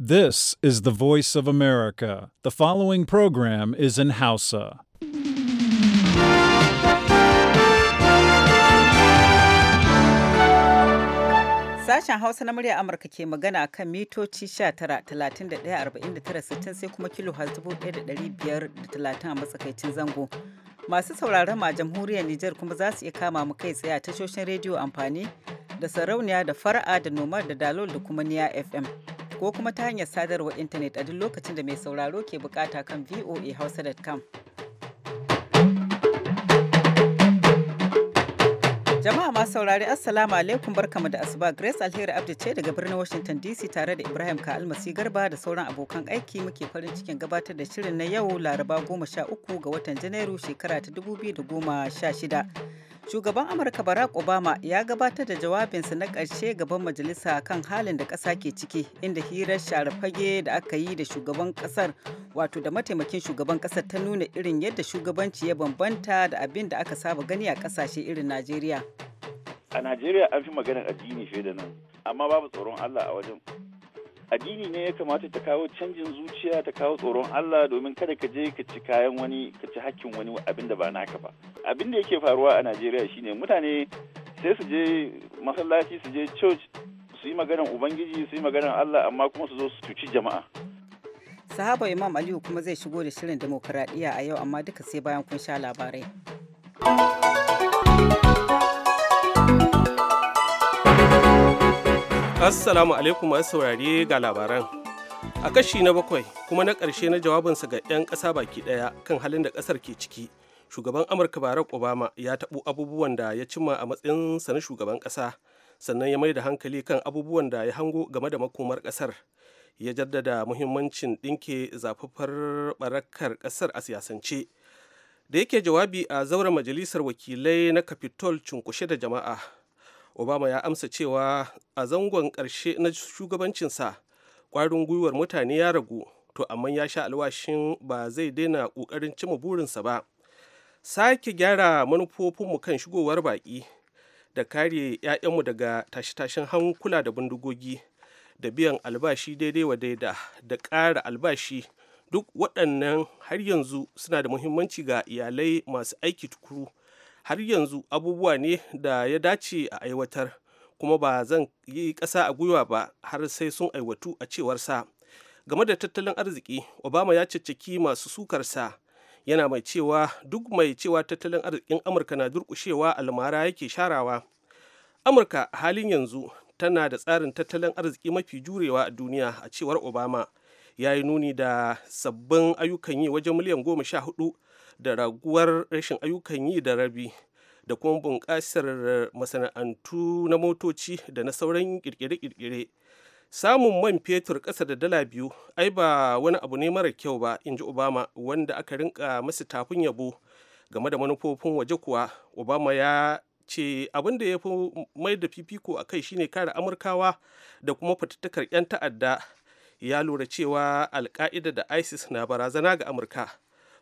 This is the voice of America. The following program is in Hausa. Sashen Hausa na murya Amurka ke magana kan mitoci 19,31,49,60 sai kuma kilo talatin a matsakaicin zango. Masu sauraron ma jamhuriyar Nijar kuma za su iya kama mu kai tsaye a tashoshin rediyo amfani da sarauniya da fara'a da nomar da dalol da kuma niya FM. ko kuma ta hanyar sadarwar intanet a duk lokacin da mai sauraro ke bukata kan voahausa.com. Jama'a masu saurari Assalamu alaikum barkamu da asuba Grace Alheri Abdi ce daga birnin Washington DC tare da Ibrahim Ka'almasi Garba da sauran abokan aiki muke farin cikin gabatar da shirin na yau Laraba 13 ga watan Janairu shekara ta 2016. shugaban amurka barack obama ya gabatar da jawabinsa na ƙarshe gaban majalisa kan halin da ƙasa ke ciki inda hirar sharafage da aka yi da shugaban ƙasar wato da mataimakin shugaban ƙasar ta nuna irin yadda shugabanci ya bambanta da abin da aka saba gani a ƙasashe irin najeriya a najeriya an fi maganar addini fiye da nan amma babu tsoron allah a wajen addini ne ya kamata ta kawo canjin zuciya ta kawo tsoron Allah domin kada ka je ka ci kayan wani ka ci hakkin wani abin da ba naka ba abin da yake faruwa a Najeriya shine mutane sai su je masallaci su je church su yi maganar ubangiji su yi maganar Allah amma kuma su zo su cuci jama'a sahaba imam aliyu kuma zai shigo da shirin demokradiya a yau amma duka sai bayan kun sha labarai Assalamu alaikum masu saurare ga labaran. A kashi na bakwai kuma na ƙarshe na jawabinsa ga 'yan ƙasa baki ɗaya kan halin da ƙasar ke ciki. Shugaban Amurka Barack Obama ya taɓo abubuwan da ya cimma a matsayin sa na shugaban ƙasa, sannan ya mai da hankali kan abubuwan da ya hango game da makomar ƙasar. Ya jaddada muhimmancin ɗinke zafafar barakar ƙasar a siyasance. Da yake jawabi a zauren majalisar wakilai na Capitol cunkushe da jama'a, obama ya amsa cewa a zangon ƙarshe na shugabancinsa ƙwarin gwiwar mutane ya ragu to amma ya sha alwashin ba zai daina ƙoƙarin cima burinsa ba sake gyara manufofinmu kan shigowar baƙi da kare 'ya'yanmu daga tashe-tashen hankula da bindigogi da biyan albashi daidai wa daida da ƙara albashi duk waɗannan har yanzu suna da muhimmanci ga iyalai masu aiki tukuru har yanzu abubuwa ne da ya dace a aiwatar kuma ba zan yi ƙasa a gwiwa ba har sai sun aiwatu a cewar sa game da tattalin arziki obama ya cicciki masu sukarsa yana mai cewa duk mai cewa tattalin arzikin amurka na durƙushewa almara yake sharawa amurka halin yanzu tana da tsarin tattalin arziki mafi jurewa a duniya a cewar obama ya yi nuni da sabbin ayyukan yi wajen miliyan goma sha hudu da raguwar rashin oh. ayyukan yi da rabi da kuma bunƙasar masana'antu na motoci da na sauran ƙirƙire-ƙirƙire samun man fetur ƙasa da dala biyu ai ba wani abu ne mara kyau ba in ji obama wanda aka rinka masa tafin yabo game da manufofin waje kuwa obama ya ce abin da ya fi mai da fifiko a kai shine kare amurkawa da kuma fatattakar 'yan ta'adda ya lura cewa alka'ida da isis na barazana ga amurka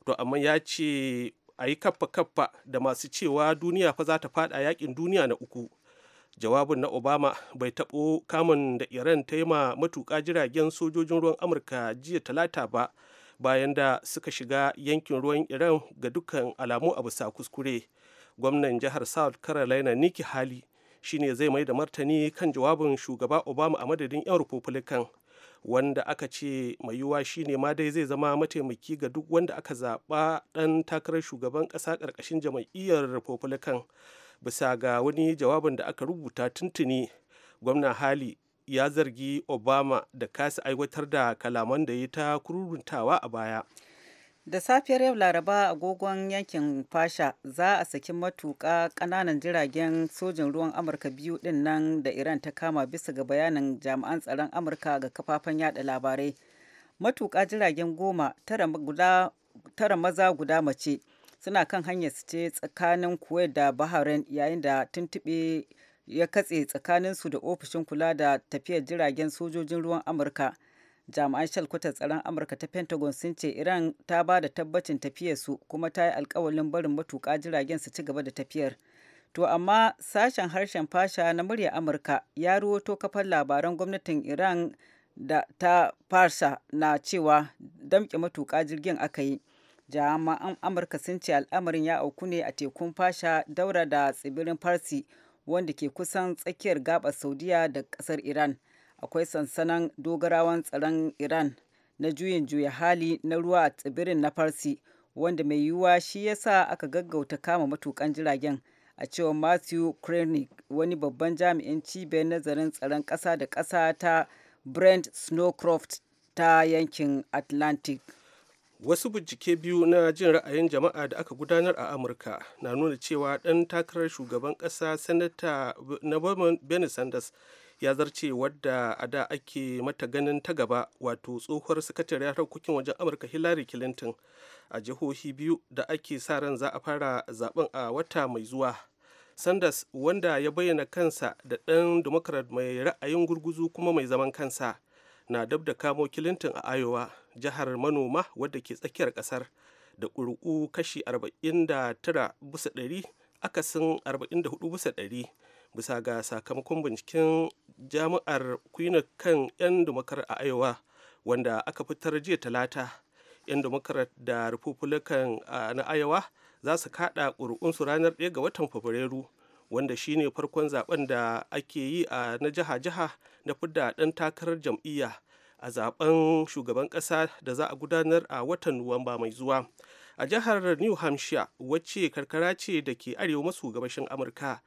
to amma ya ce a yi kaffa kaffa da masu cewa duniya fa za ta fada yakin duniya na uku jawabin na obama bai taɓo kamun da iran ta yi ma matuƙa jiragen sojojin ruwan amurka jiya talata ba bayan da suka shiga yankin ruwan iran ga dukkan alamu a bisa kuskure gwamnan jihar south carolina niki hali shine zai mai da martani kan jawabin shugaba obama a madadin 'yan republican wanda aka ce mai yiwuwa shine ma dai zai zama mataimaki ga duk wanda aka zaɓa ɗan takarar shugaban ƙasa ƙarƙashin jam'iyyar republican bisa ga wani jawabin da aka rubuta tuntuni gwamna hali ya zargi obama da kasa aiwatar da kalaman da ya ta kururuntawa a baya Da safiyar yau Laraba agogon yankin Fasha za a saki matuƙa ƙananan jiragen sojin ruwan Amurka biyu ɗin nan da Iran ta kama bisa ga bayanin jami'an tsaron Amurka ga kafafen yada labarai. Matuƙa jiragen goma tara maza guda mace suna kan hanyar su ce tsakanin Kuwait da Bahrain yayin da tuntuɓe ya katse su da ofishin kula da tafiyar jiragen sojojin ruwan Amurka. jami'an shalkwatar tsaron amurka ta pentagon sun ce iran ta ba da tabbacin su kuma ta yi alkawalin barin matuka jiragen su ci gaba da tafiyar to amma sashen harshen fasha na murya amurka ya ruwato kafar labaran gwamnatin iran da ta farsa na cewa damƙe matuka jirgin aka yi jami'an amurka sun ce al'amarin ya auku ne a tekun fasha daura da tsibirin farsi wanda ke kusan tsakiyar gabar saudiya da kasar iran akwai sansanan dogarawan tsaron iran na juyin juya hali na ruwa a tsibirin na farsi wanda mai yiwuwa shi yasa aka gaggauta kama matukan jiragen a cewa matthew krenig wani babban jami'in cibiyar nazarin tsaron ƙasa da ƙasa ta brent snowcroft ta yankin atlantic wasu bincike biyu na jin ra'ayin jama'a da aka gudanar a amurka na nuna cewa ɗan takarar shugaban ƙasa senator na bernie sanders ya zarce wadda a da ake mata ganin ta gaba wato tsohuwar sakatariyar harkokin wajen amurka hillary clinton a jihohi biyu da ake sa ran za a fara zaben a wata mai zuwa sanders wanda ya bayyana kansa da ɗan democrat mai ra'ayin gurguzu kuma mai zaman kansa na dab da kamo clinton a iowa jihar manoma wadda ke tsakiyar kasar da ƙuri'u kashi 49 bisa 100 akasin 44 bisa 100 bisa ga sakamakon binciken jami'ar kwina kan 'yan dumakar a Iowa wanda aka fitar jiya talata 'yan dumakar da Republican na Iowa za su kada ƙuri'unsu ranar 1 ga watan Fabrairu wanda shine farkon zaben da ake yi a na jiha-jiha na fidda ɗan takarar jam'iyya a zaben shugaban ƙasa da za a gudanar a watan Nuwamba mai zuwa. A jihar New Hampshire wacce karkara ce da ke arewa maso gabashin Amurka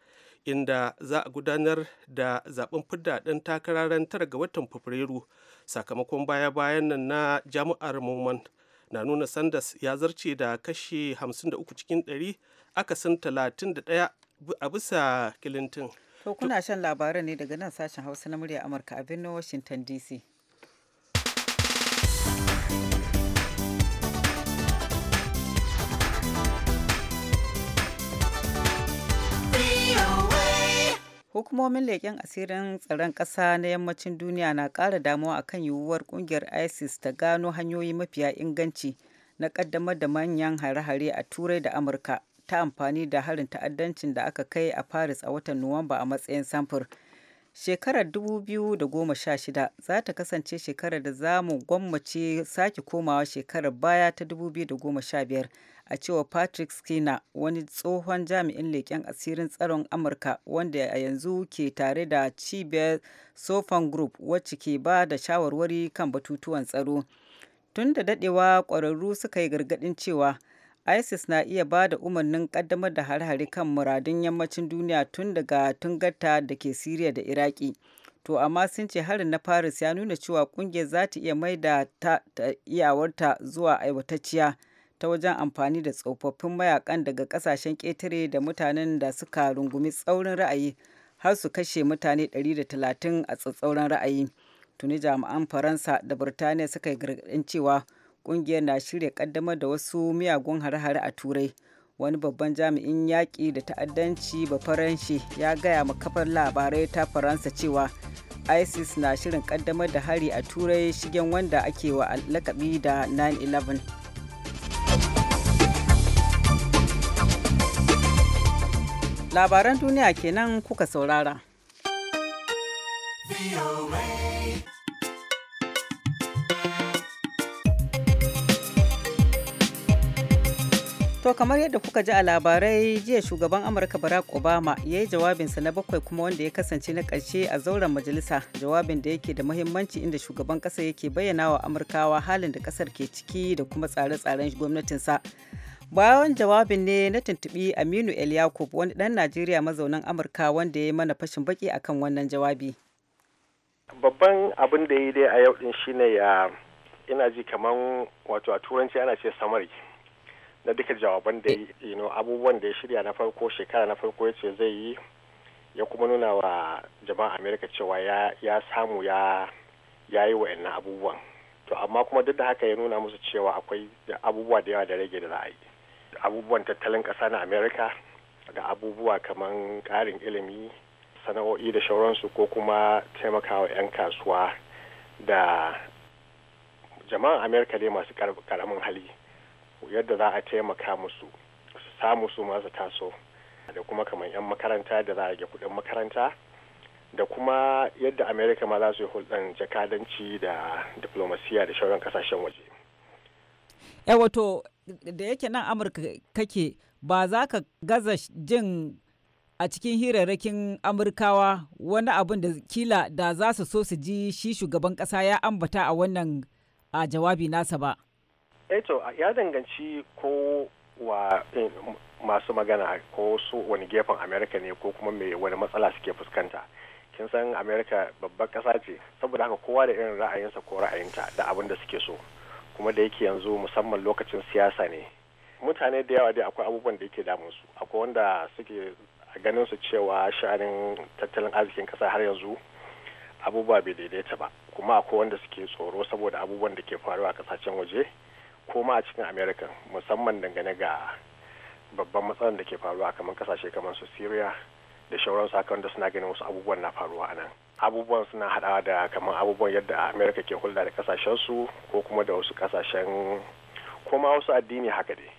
inda za a gudanar da zaben fidda ɗan takara ran tara ga watan fabrairu sakamakon baya-bayan nan na jami'ar Moman na nuna Sanders ya zarce da kashe 53 cikin 100 akasin 31 a bisa Clinton. To kuna shan labaran ne daga nan sashen Hausa na murya Amurka a birnin Washington DC. hukumomin leƙen asirin tsaron ƙasa na yammacin duniya na ƙara damuwa akan yiwuwar ƙungiyar isis ta gano hanyoyi mafiya inganci na ƙaddamar da manyan hare-hare a turai da amurka ta amfani da harin ta'addancin da aka kai a paris a watan nuwamba a matsayin samfur shekarar 2016 za ta kasance shekarar da za mu gwammace sake komawa shekarar baya ta 2015 a cewa Patrick Skinner, wani tsohon jami'in leƙen asirin tsaron Amurka wanda a yanzu ke tare da cibiyar Sofan Group wacce ke ba da shawarwari kan batutuwan tsaro. Tun da dadewa ƙwararru suka yi gargaɗin cewa ISIS na iya ba da umarnin ƙaddamar da har hare kan muradun yammacin duniya tun daga tungarta da ke Siriya da Iraki. to amma sun ce harin na paris ya nuna cewa kungiyar za ta iya mai da iyawarta zuwa aiwatacciya ta wajen amfani da tsofaffin mayakan daga kasashen ƙetare da mutanen da suka rungumi tsaurin ra'ayi har su kashe mutane 130 a tsatsauran ra'ayi tuni jami'an faransa da birtaniya suka yi gargaɗin cewa ƙungiyar na shirya ƙaddamar da wasu miyagun hare-hare a turai wani babban jami'in yaƙi da ta'addanci bafaranshi ya gaya ma kafar labarai ta faransa cewa isis na shirin ƙaddamar da hari a turai shigen wanda ake wa lakabi da 9-11 Labaran duniya kenan kuka saurara. To kamar yadda kuka ji a labarai jiya shugaban Amurka Barack Obama ya yi jawabinsa na bakwai kuma wanda ya kasance na ƙarshe a zauren majalisa jawabin da yake da muhimmanci inda shugaban ƙasa yake bayyana wa Amurkawa halin da ƙasar ke ciki da kuma tsare-tsaren gwamnatinsa. bayan jawabin ne na tuntubi aminu el yakub wani dan najeriya mazaunan amurka wanda ya yi mana fashin baki akan wannan jawabi babban abin da ya dai a yau din shine ya ina ji kaman wato a turanci ana ce samari na duka jawaban da abubuwan da ya shirya na farko shekara na farko ya ce zai yi ya kuma nuna wa jama'a amerika cewa ya, samu ya ya yi wa'annan abubuwan to amma kuma duk da haka ya nuna musu cewa akwai abubuwa da yawa da rage da za yi abubuwan tattalin ƙasa na america da abubuwa kamar ƙarin ilimi sana'o'i da shauransu ko kuma taimakawa 'yan kasuwa da jama'an america dai masu karamin hali yadda za a taimaka musu su samu su masu taso da kuma kamar 'yan makaranta da za a ga kudin makaranta da kuma yadda america ma za su yi hulɗan jakadanci da diplomasiya da shauran kasashen waje. da yake nan amurka kake ba za ka gaza jin a cikin hirarrakin amurkawa wani abin da kila da za su so su ji shi shugaban kasa ya ambata a wannan a jawabi nasa ba eto eh ya danganci ko wa eh, masu magana ko su wani gefen amerika ne ko kuma mai wani matsala suke fuskanta kin san amerika babbar kasa ce saboda haka kowa da irin ra'ayinsa ko ra'ayinta da abin da suke so kuma da yake yanzu musamman lokacin siyasa ne mutane da yawa dai akwai abubuwan da yake damun su akwai wanda suke a ganin su cewa sha'anin tattalin arzikin kasa har yanzu abubuwa bai daidaita ba kuma akwai wanda suke tsoro saboda abubuwan da ke faruwa a kasashen waje ko ma a cikin america musamman dangane ga babban matsalar da ke faruwa kamar kasashe kamar su syria da shauransu haka da suna ganin wasu abubuwan na faruwa a nan abubuwan suna hada da kamar abubuwan yadda amerika ke hulɗa da kasashensu ko kuma da wasu kasashen kuma wasu addini haka dai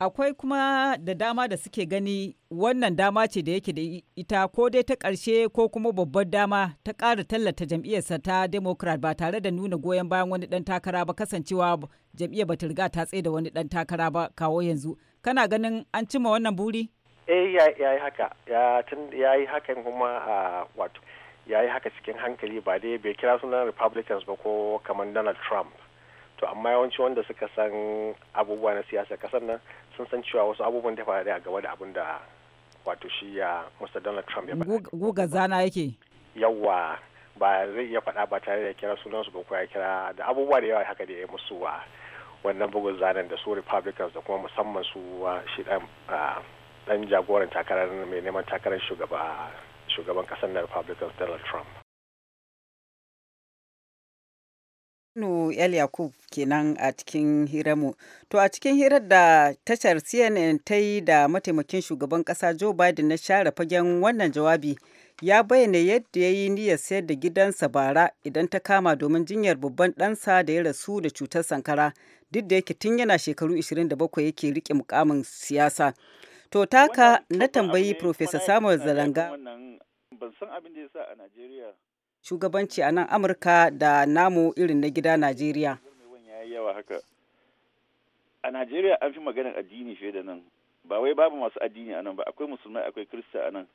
akwai kuma da dama da suke gani wannan dama ce da yake da ita ko dai ta ƙarshe ko kuma babbar dama ta ƙara tallata jam'iyyarsa ta democrat ba tare da nuna goyon bayan wani dan takara ba kasancewa jam'iyyar ba ta riga ta tsaye da wani ɗan takara ba kawo yanzu kana ganin an cimma wannan buri eh ya yi haka ya yi hakan kuma a ah, wato ya yi haka cikin hankali ba dai bai kira sunan republicans ba ko kamar donald trump to amma yawanci wanda suka san abubuwa na siyasa kasar nan sun san cewa wasu abubuwan da faru a gaba da abin da wato shi ya mr donald trump ya faɗa guga zana yake yawa ba zai iya faɗa ba tare da kira sunansu ba ko ya kira da abubuwa da yawa haka da ya musu wa wannan bugun zanen da su republicans da kuma musamman su shi dan ah, jagoran takarar mai neman takarar shugaba shugaban kasar na Republicans Donald Trump. Nu El Yakub kenan a cikin hirarmu. To a cikin hirar da tashar CNN ta yi da mataimakin shugaban kasa Joe Biden na share fagen wannan jawabi ya bayyana yadda ya yi niyyar sayar da gidansa bara idan ta kama domin jinyar babban ɗansa da ya rasu da cutar sankara duk da yake tun yana shekaru 27 yake rike mukamin siyasa. To taka na tambayi Profesa Samuel Zalanga. a Shugabanci a nan Amurka da namu irin na gida Najeriya. A Najeriya an fi maganar addini fiye da nan. Ba wai babu masu addini a nan ba, akwai musulmai akwai kirista a nan.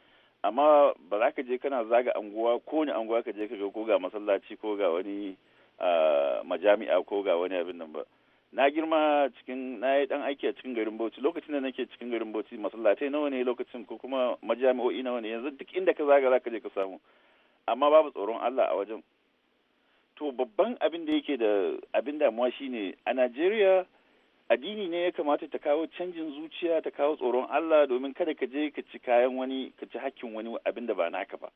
Amma ba za ka je kana zaga anguwa ko ni anguwa ka je ka ga ko ga masallaci ko ga wani ah, majami'a ko ga wani abin nan ba. na girma cikin na yi dan aiki a cikin garin Bauchi lokacin da nake cikin garin Bauchi masallatai nawa ne lokacin ko kuma majami'o'i nawa ne yanzu duk inda ka zaga zaka je ka samu amma babu tsoron Allah a wajen to babban abin da yake da abin damuwa shine a Najeriya addini ne ya kamata ta kawo canjin zuciya ta kawo tsoron Allah domin kada ka je ka ci kayan wani ka ci hakkin wani abin da ba naka ba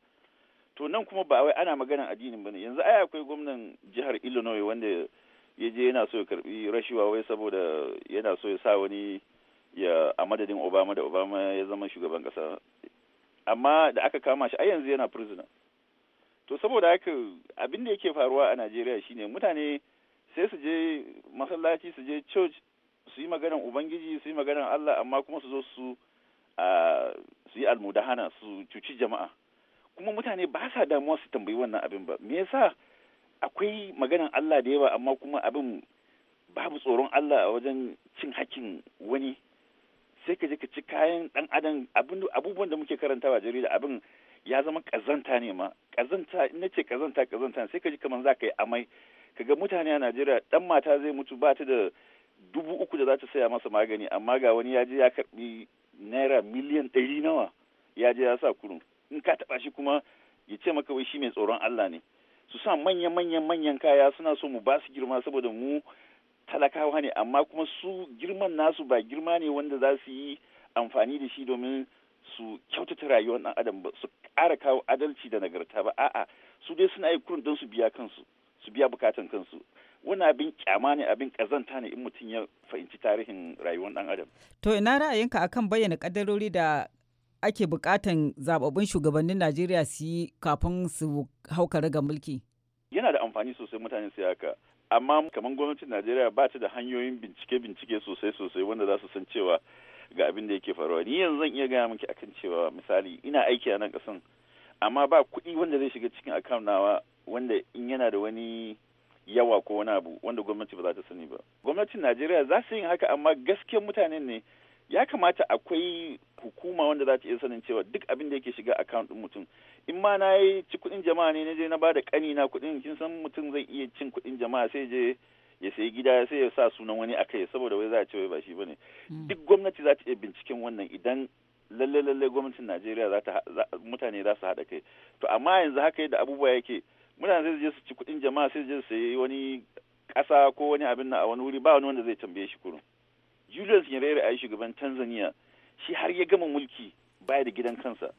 to nan kuma ba wai ana maganar addinin bane yanzu ai akwai gwamnan jihar Illinois wanda ya je yana so ya karbi rashiwa wai saboda yana so ya sa wani ya a madadin obama da obama ya zama shugaban kasa amma da aka kama shi a yanzu yana prisoner to saboda haka abin da yake faruwa a najeriya shine mutane sai su je masallaci su je church su yi maganan ubangiji su yi maganan allah amma kuma su zo su su yi almudahana su cuci jama'a kuma mutane ba sa damuwa su tambayi wannan abin ba me yasa akwai maganan Allah da yawa amma kuma abin babu tsoron Allah a wajen cin hakkin wani sai ka je ka ci kayan dan adam abubuwan da muke karantawa jarida abin ya zama kazanta ne ma kazanta in nace kazanta kazanta sai ka ji kamar za ka yi amai kaga mutane a Najeriya dan mata zai mutu ba ta da dubu uku da za ta saya masa magani amma ga wani ya je ya karbi naira miliyan ɗari nawa ya je ya sa kurun in ka taɓa shi kuma ya ce maka wai shi mai tsoron Allah ne su sa manya-manyan manyan kaya suna so mu ba su girma saboda mu talakawa ne amma kuma su girman nasu ba girma ne wanda za su yi amfani da shi domin su kyautata rayuwar ɗan adam ba su ƙara kawo adalci da nagarta ba a'a su dai suna yi kurin don su biya kansu su biya bukatan kansu wani abin kyama ne abin kazanta ne in mutum ya fahimci tarihin rayuwar ɗan adam to ina ra'ayinka akan bayyana kadarori da ake bukatan zababbin shugabannin Najeriya su yi kafin su hauka ga mulki? Yana da amfani sosai mutane su haka. Amma kamar gwamnatin Najeriya ba ta da hanyoyin bincike-bincike sosai-sosai wanda za su san cewa ga abin da yake faruwa. Ni yanzu zan iya gaya miki akan cewa misali ina aiki a nan kasan amma ba kuɗi wanda zai shiga cikin account nawa wanda in yana da wani yawa ko wani abu wanda gwamnati ba za ta sani ba. Gwamnatin Najeriya za su yin haka amma gaskiyar mutanen ne ya kamata akwai hukuma wanda za ta iya sanin cewa duk abin da yake shiga account din mutum in ma na yi ci kuɗin jama'a ne na je na bada kani na kuɗin kin san mutum zai iya cin kuɗin jama'a sai je ya sayi gida sai ya sa sunan wani a kai saboda wai za a ce wai ba shi bane hmm. duk gwamnati za ta iya binciken wannan idan lalle lalle gwamnatin Najeriya za ta mutane za su haɗa kai to amma yanzu haka yadda abubuwa yake mutane zai je su ci kuɗin jama'a sai je su sayi wani ƙasa ko wani abin na a wani wuri ba wani wanda zai tambaye shi kurun Julius Nyerere a yi shugaban Tanzania shi har ya gama mulki baya da gidan kansa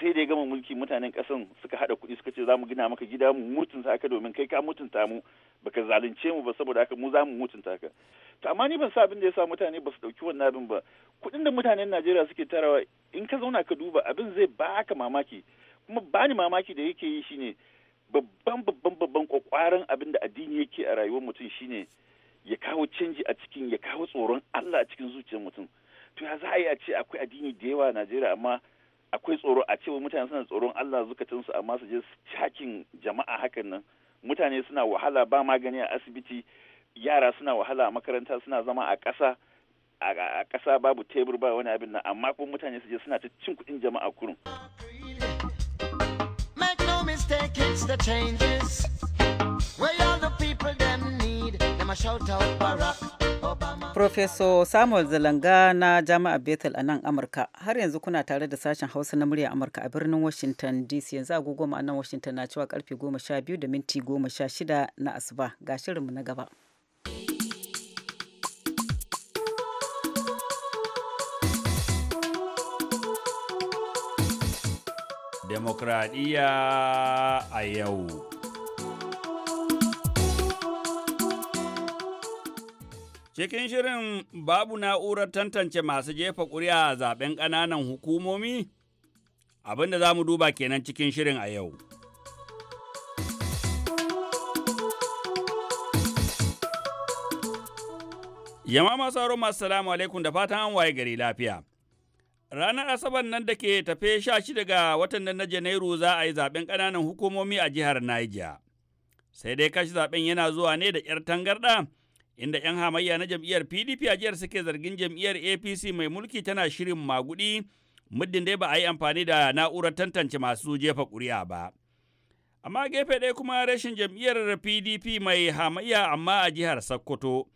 sai da ya gama mulki mutanen kasan suka hada kuɗi suka ce za mu gina maka gida mu mutunta ka domin kai ka mutunta mu baka zalunce mu ba saboda haka mu za mu mutunta ka to amma ni ban sa abin da ya sa mutane ba su dauki wannan abin ba kuɗin da mutanen Najeriya suke tarawa in ka zauna ka duba abin zai baka mamaki kuma bani mamaki da yake yi shine babban babban babban kwakwaran abin da addini yake a rayuwar mutum shine ya kawo canji a cikin ya kawo tsoron Allah a cikin zuciyar mutum to ya za a yi a ce akwai addini da yawa a Najeriya amma akwai tsoro a cewa mutane suna tsoron Allah zukatansu amma su je cakin jama'a hakan nan mutane suna wahala ba magani a asibiti yara suna wahala a makaranta suna zama a ƙasa a ƙasa babu tebur ba wani abin nan amma kuma mutane su je suna ta cin kuɗin jama'a kurun Make no mistake, it's the changes. Well, Professor Samuel Zalanga na Jami'ar Bethel a nan Amurka. Har yanzu kuna tare da sashen Hausa na murya Amurka a birnin Washington DC. Yanzu agogo a nan Washington na cewa karfe 12 da minti 16 na asuba. Ga shirinmu na gaba. Demokradiyya a yau. Cikin shirin babu na'urar tantance masu jefa ƙuri'a a zaben ƙananan hukumomi? Abinda da za mu duba kenan cikin shirin a yau. Yama masu haro masu salamu alaikum da fatan an waye gari lafiya. Ranar Asabar nan da ke tafe sha shida ga watan nan na Janairu za a yi zaben ƙananan hukumomi a jihar Niger. Sai dai kashi zaben yana zuwa ne da ‘yar tangarɗa inda 'yan hamayya na jam'iyyar PDP a jihar suke zargin jam'iyyar APC mai mulki tana shirin magudi muddin dai ba a yi amfani da na'urar tantance masu jefa ƙuri'a ba. Amma gefe ɗaya kuma rashin jam'iyyar PDP mai hamayya amma a jihar Sokoto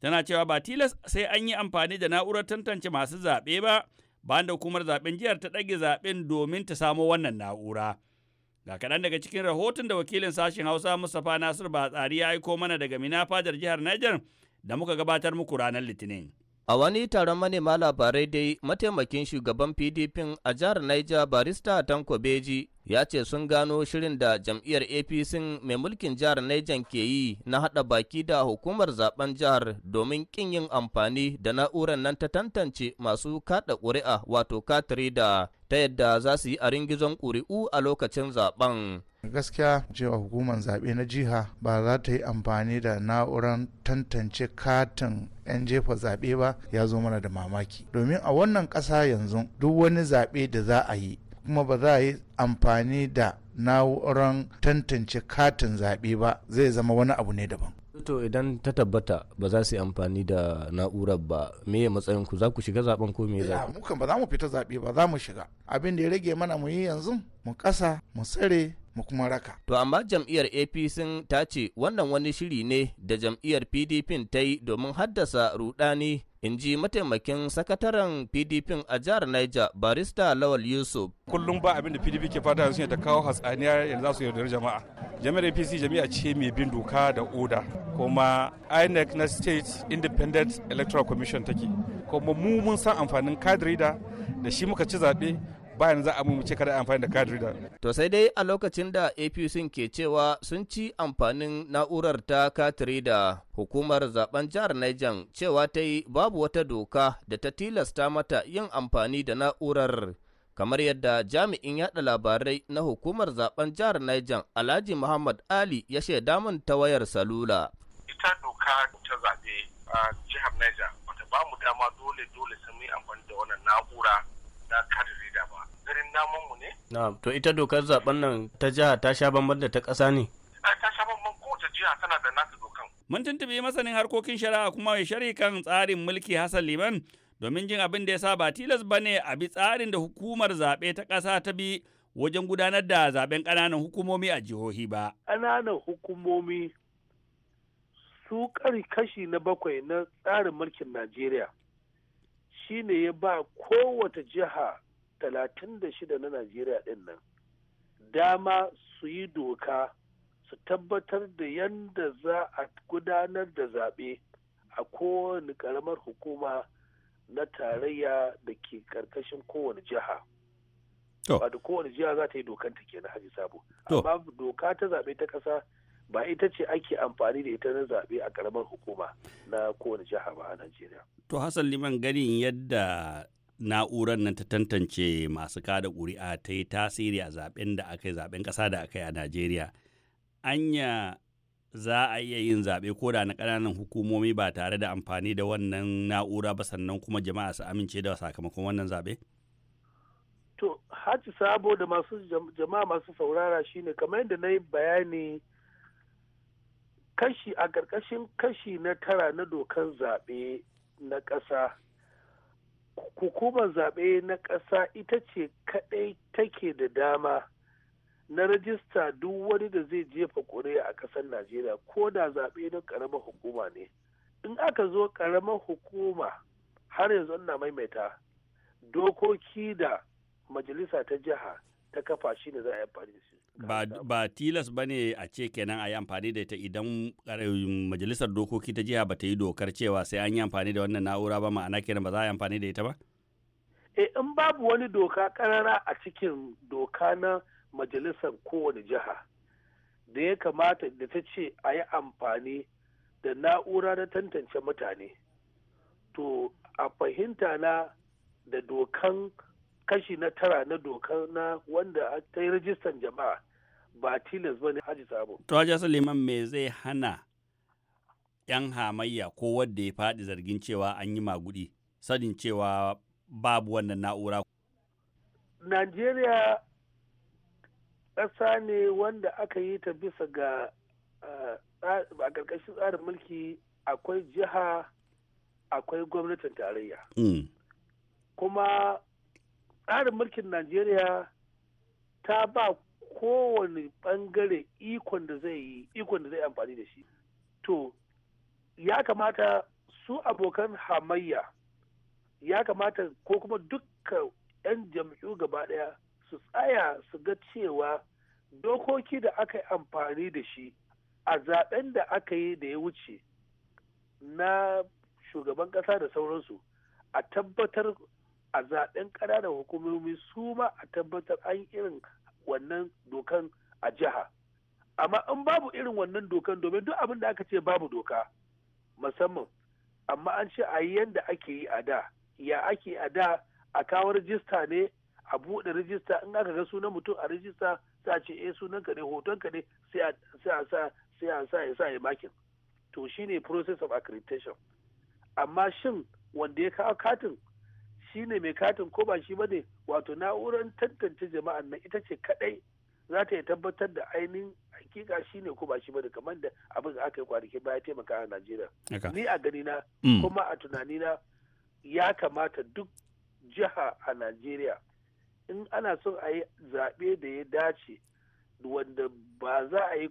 tana cewa ba tilas sai an yi amfani da na'urar tantance masu zaɓe ba, ba da hukumar zaɓen jihar ta ɗage zaɓen domin ta samo wannan na'ura. Ga kaɗan daga cikin rahoton da wakilin sashen Hausa Mustapha Nasir Batsari ya aiko mana daga Fadar jihar Niger da muka gabatar muku ranar Litinin. A wani taron manema labarai dai mataimakin shugaban PDP a jihar Niger Barista Tanko Beji ya ce sun gano shirin da jam'iyyar apc mai mulkin jihar Niger ke yi na haɗa baki da hukumar zaben jihar domin kin yin amfani da na'urar nan ta tantance masu kaɗa ƙuri'a wato katiri da ta yadda za su yi a ringizon ƙuri'u a lokacin zaben gaskiya cewa hukumar zaɓe na jiha ba za ta yi amfani da na'urar tantance katin 'yan jefa zaɓe ba ya zo mana da mamaki domin a wannan ƙasa yanzu duk wani zaɓe da za a yi kuma ba za a yi amfani da na'urar tantance katin zaɓe ba zai zama wani abu ne daban to idan ta tabbata ba za su yi amfani da na'urar ba me ya matsayin ku za ku shiga zaben ko me za mu kan ba za mu fita zaɓe ba za mu shiga abin da ya rage mana mu yi yanzu mu ƙasa mu tsare mu kuma raka to amma jam'iyyar APC ta ce wannan wani shiri ne da jam'iyyar PDP ta yi domin haddasa rudani in ji mataimakin sakataren pdp a jihar niger barista lawal yusuf kullum ba abin da pdp ke fata yanzu ta kawo hatsaniya yanzu za su yaudar jama'a jami'ar apc jami'a ce mai bin doka da oda kuma inec na state independent electoral commission take kuma mu mun san amfanin kadrida da shi muka ci zaɓe bayan za a mu ce kada amfani da card reader. To sai dai a lokacin da APC ke cewa sun ci amfanin na'urar ta card reader hukumar zaben jihar Niger cewa ta yi babu wata doka da ta tilasta mata yin amfani da na'urar. kamar yadda jami'in yada labarai na hukumar zaben jihar Niger Alhaji Muhammad Ali ya shaida min ta wayar salula. Ita doka ta zabe a jihar Niger wata ba mu dama dole dole sun yi amfani da wannan na'ura na card reader guzurin namun ne. Na'am, to ita dokar zaben nan ta jiha ta sha bamban da ta ƙasa ne. Ta sha bamban kowace jiha tana da nata dokan. Mun tuntuɓi masanin harkokin shari'a kuma mai shari kan tsarin mulki Hassan Liman domin jin abin da ya sa ba tilas ba ne a bi tsarin da hukumar zaɓe ta ƙasa ta bi wajen gudanar da zaben ƙananan hukumomi a jihohi ba. Ƙananan hukumomi su kashi na bakwai na tsarin mulkin Najeriya shi ne ya ba kowace jiha talatin da shida na najeriya ɗin nan dama su yi doka su tabbatar da yadda za a gudanar da zaɓe a kowane ƙaramar hukuma na tarayya da ke ƙarƙashin kowane jiha. da kowane jiha za ta yi ta ke na haji sabo. Amma doka ta zaɓe ta ƙasa ba ita ce ake amfani da ita na zaɓe a ƙaramar hukuma na kowane jiha ba a Najeriya. To Hassan Liman ganin yadda na'urar nan ta tantance masu kada ƙuri'a ta yi tasiri a zaben da aka yi zaben ƙasa da aka yi a Najeriya. Anya za a iya yin zaɓe ko da na ƙananan hukumomi ba tare da amfani da wannan na'ura ba sannan kuma jama'a su amince da sakamakon wannan zaɓe? To, haci sabo da masu jama'a masu saurara shi ne kamar yadda na yi bayani kashi a ƙarƙashin kashi na tara na dokan zaɓe na ƙasa hukumar zaɓe na ƙasa ita ce kaɗai take da dama na rajista duk wani da zai jefa ƙuri'a a ƙasar najeriya ko da zaɓe na ƙaramar hukuma ne in aka zo ƙaramar hukuma har yanzu na maimaita dokoki da majalisa ta jiha ta kafa shi ne za a yi amfani da shi. Ba tilas ba ne a ce kenan a yi amfani da ita idan majalisar dokoki ta jiha ba ta yi dokar cewa sai an yi amfani da wannan na'ura ba ma'ana kenan ba za a yi amfani da ita ba? E in babu wani doka karara a cikin doka na majalisar kowane jiha da ya kamata da ta ce a yi amfani da na'ura na tantance mutane. To a fahimta na da dokan kashi na tara na doka na wanda ta yi rajistan jama'a ba tilas ba ne haji sabo. To Haji Suleiman me zai hana 'yan hamayya ko wadda ya faɗi zargin cewa an yi magudi sanin cewa babu wannan na'ura. Najeriya ƙasa ne wanda aka yi ta bisa ga eh, a ƙarƙashin tsarin mulki akwai jiha akwai gwamnatin tarayya. Mm. Kuma tsarin mulkin najeriya ta ba kowane bangare ikon da zai yi ikon da zai amfani da shi to ya kamata su abokan hamayya ya kamata ko kuma dukkan 'yan jam'iyyu gaba daya su tsaya su ga cewa dokoki da aka yi amfani da shi a zaben da aka yi da ya wuce na shugaban kasa da sauransu a tabbatar a zaɓen da hukumomi su ma a tabbatar an irin wannan dokan a jiha amma in babu irin wannan dokan domin duk abin da aka ce babu doka musamman amma an ce a yi yadda ake yi a da ya ake a da a kawo rijista ne a buɗe rijista in aka ga sunan mutum a rijista sai a ce eh sunan ka ne hoton ka ne sai sai a sa ya sa ya makin to shine process of accreditation amma shin wanda ya kawo katin shi ne mai katin ko ba shi ba ne wato na'urar tantance jama'an na ita ce kadai za ta yi tabbatar da ainihin hakika shi ne ko ba shi ba ne kamar da abin da aka yi kwanaki baya taimaka a najeriya ni a gani na mm. kuma a tunani na ya kamata duk jiha a najeriya in ana son a yi zaɓe da ya dace wanda ba za a yi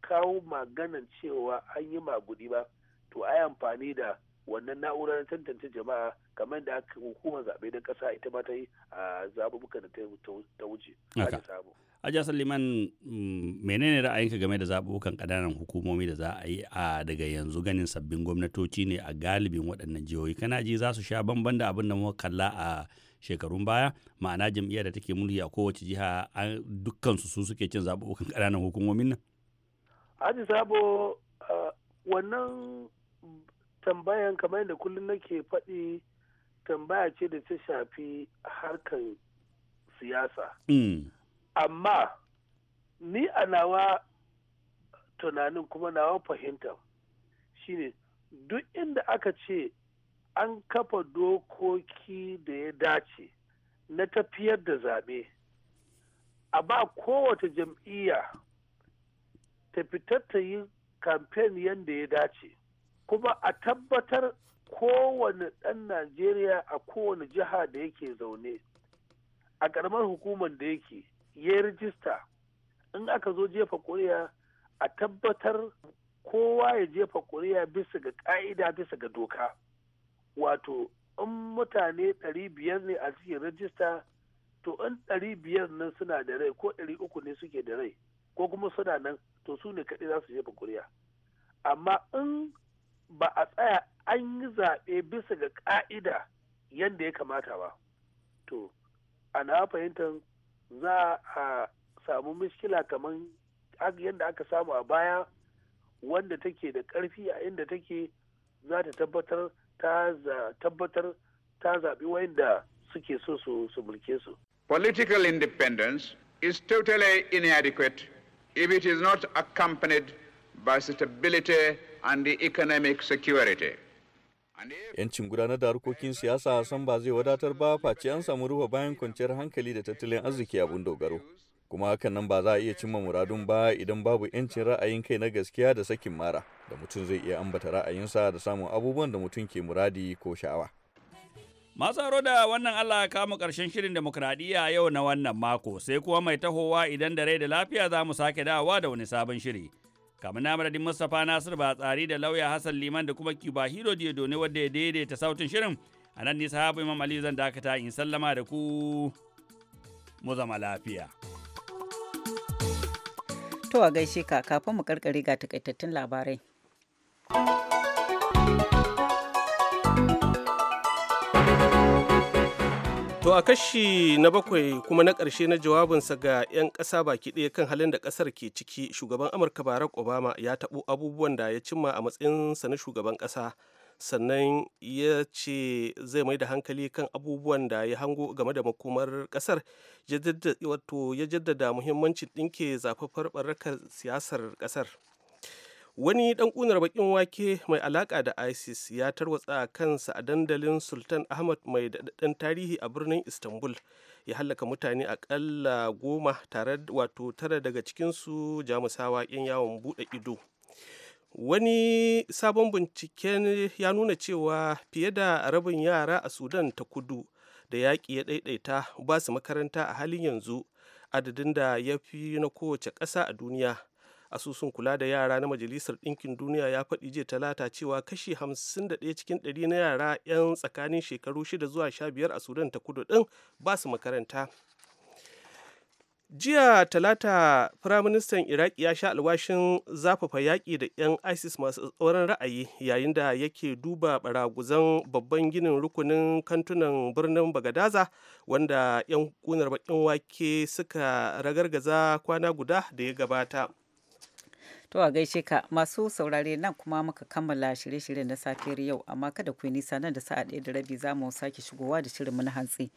kawo maganan cewa an yi magudi ba to a yi amfani da wannan na'urar tantance jama'a kamar da aka hukumar zaɓe na ƙasa ita ma ta yi a zaɓuɓɓukan da ta wuce. Aja Salliman mm, menene ra'ayinka game da zaɓuɓɓukan ƙananan hukumomi da za a yi a daga yanzu ganin sabbin gwamnatoci ne a galibin waɗannan jihohi kana ji za su sha bamban da abin da muka kalla a shekarun baya ma'ana jam'iyyar da take mulki a kowace jiha dukkansu su suke cin zaɓuɓɓukan ƙananan hukumomin nan. Aji Sabo wannan tambayan kamar yadda kullum nake faɗi tambaya ce da ta shafi harkan siyasa mm. amma ni a nawa tunanin kuma nawa fahimta shine duk inda aka ce an kafa dokoki da ya dace na tafiyar da zaɓe a ba kowace jam'iyya ta fitar ta yi kamfen yadda ya dace kuma a tabbatar kowane ɗan najeriya a kowane jiha da yake zaune a ƙaramar hukumar da yake ya yi rijista in aka zo jefa ƙuri'a a tabbatar kowa ya jefa ƙuri'a bisa ga ƙa'ida bisa ga doka wato in mutane ɗari biyar ne a cikin rijista to in ɗari biyar nan suna da rai ko ɗari uku ne suke da rai ko kuma suna nan to su ne kaɗai za su jefa ƙuri'a amma in ba a tsaya an yi zaɓe bisa ga ƙa'ida yadda ya kamata ba to ana fahimtar za a samu miskila kamar yadda aka samu a baya wanda take da ƙarfi a inda take za ta tabbatar ta tabbatar ta zaɓi suke so su su mulke su. Political independence is totally inadequate if it is not accompanied by stability and the economic security. Yancin gudanar da harkokin siyasa san ba zai wadatar ba face an samu ruwa bayan kwanciyar hankali da tattalin arziki abun dogaro. Kuma hakan nan ba za a iya cimma muradun ba idan babu yancin ra'ayin kai na gaskiya da sakin mara da mutum zai iya ambata ra'ayinsa da samun abubuwan da mutum ke muradi ko sha'awa. Masu haro da wannan Allah kamu karshen shirin demokradiyya yau na wannan mako sai kuma mai tahowa idan da rai da lafiya za mu sake dawa da wani sabon shiri. kamar na madadin mustapha nasir ba tsari da lauya hassan liman da kuma Kiba hero diodo ne wadda ya daidaita sautin shirin a nan nisa habu imam aliyu zan dakata in sallama da ku mu zama lafiya to a gaishe ka kafin mu karkare ga takaitattun labarai To a kashi na bakwai kuma na ƙarshe na jawabinsa ga 'yan ƙasa baki ɗaya kan halin da ƙasar ke ciki shugaban Amurka Barack Obama ya taɓo abubuwan da ya cimma a matsayinsa na shugaban ƙasa sannan ya ce zai mai da hankali kan abubuwan da ya hango game da makomar ƙasar ya jaddada muhimmancin ɗinke zafafar barakar siyasar ƙasar. wani dan kunar bakin wake mai alaka da isis ya tarwatsa kansa a dandalin sultan ahmad mai daɗaɗɗen tarihi a birnin istanbul ya hallaka mutane aƙalla goma tare wato tara daga cikinsu jamusawa yan yawon buɗe ido wani sabon binciken ya nuna cewa fiye da rabin yara a sudan ta kudu da yaƙi ya ɗaiɗaita ba su makaranta a halin yanzu adadin da ya fi na kowace ƙasa a duniya asusun kula da yara na majalisar ɗinkin duniya ya faɗi jiya talata cewa kashi 51 cikin 100 na yara 'yan tsakanin shekaru 6 zuwa 15 a sudan ta kudu ɗin ba su makaranta jiya talata firaministan iraki ya sha alwashin zafafa yaƙi da 'yan isis masu tsoron ra'ayi yayin da yake duba baraguzan babban ginin rukunin kantunan birnin bagadaza wanda 'yan kunar bakin wake suka ragargaza kwana guda da ya gabata To a gaishe ka masu saurare nan kuma muka kammala shirye-shiryen na safiyar yau amma kada ku yi nisa nan da sa'a ɗaya da rabi za mu sake shigowa da shirin na hantsi.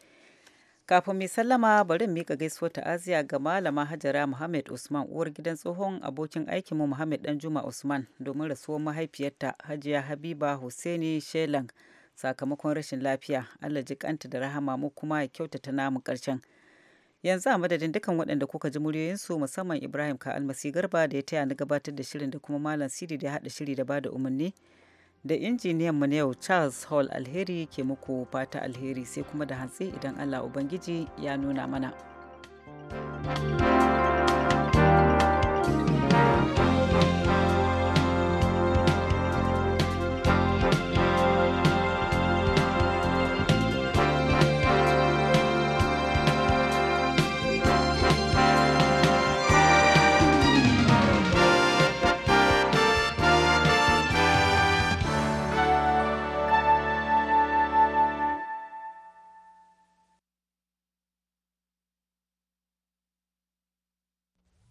Kafin mai sallama bari in miƙa gaisuwar ta'aziya ga malama Hajara Muhammad Usman uwar gidan tsohon abokin aikin mu Muhammad dan Danjuma Usman domin rasuwar mahaifiyarta Hajiya Habiba Hussaini Shelang sakamakon rashin lafiya. Allah ji kanta da rahama mu kuma ya kyautata namu karshen. yanzu a madadin dukkan waɗanda kuka ji muryoyinsu musamman ibrahim ka almasi garba da ya taya ni gabatar da shirin da kuma malam sidi da ya haɗa shiri da bada umarni da injiniyan mu na yau charles hall alheri ke muku fata alheri sai kuma da hantsi idan allah ubangiji ya nuna mana thank you